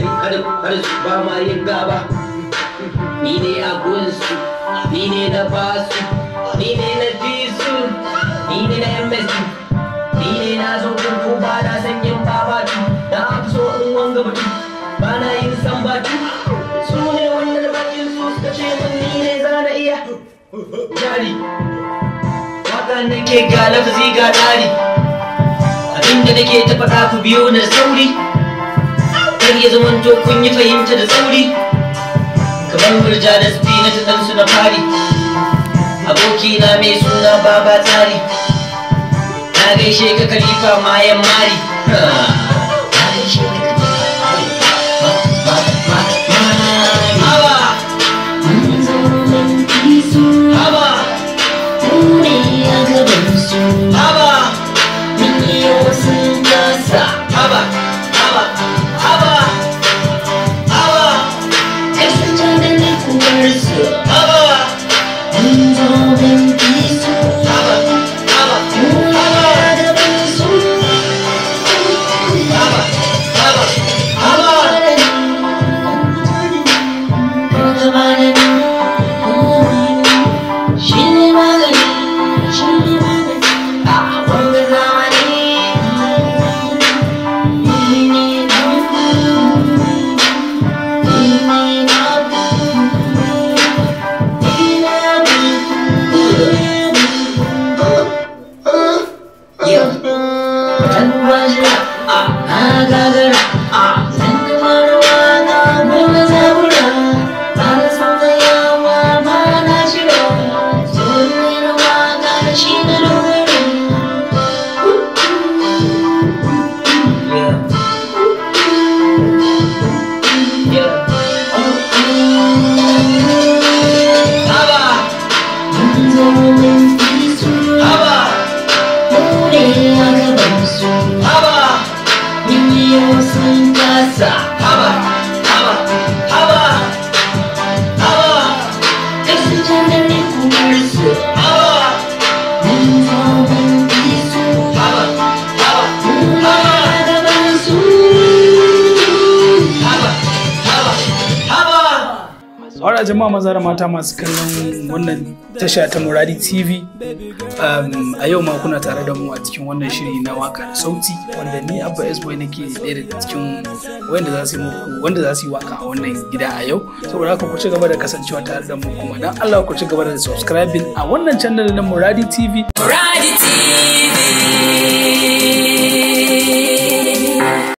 hadari har ba ma yin gaba ni ne a gunsu ni ne na basu ni ne na jisu ni ne na ms ni ne na zo kurku ba na san yin babatu na amso in wanga batu ba na yin sambatu su ne wannan bakin su suka ce mun ni ne za na iya jari waka nake ga lafzi ga tsari abinda nake ta faɗa ku biyo na sauri kar ya zamanto kun yi fahimta da sauri. kamar murja da na ta ɗansu na fari abokina mai suna baba tsari na gaishe ka kalifa mayan mari した Jama'a jama'a maza da mata masu kallon wannan tasha ta Muradi TV. Um, a yau ma kuna tare da mu a cikin wannan shiri na waka da sauti wanda ni Abba S boy nake ɗaya daga cikin wanda za su wanda za su yi waka a wannan gida a yau. Saboda haka ku ci gaba da kasancewa tare da mu kuma dan Allah ku ci gaba da subscribing a wannan channel na Muradi TV. Muradi TV.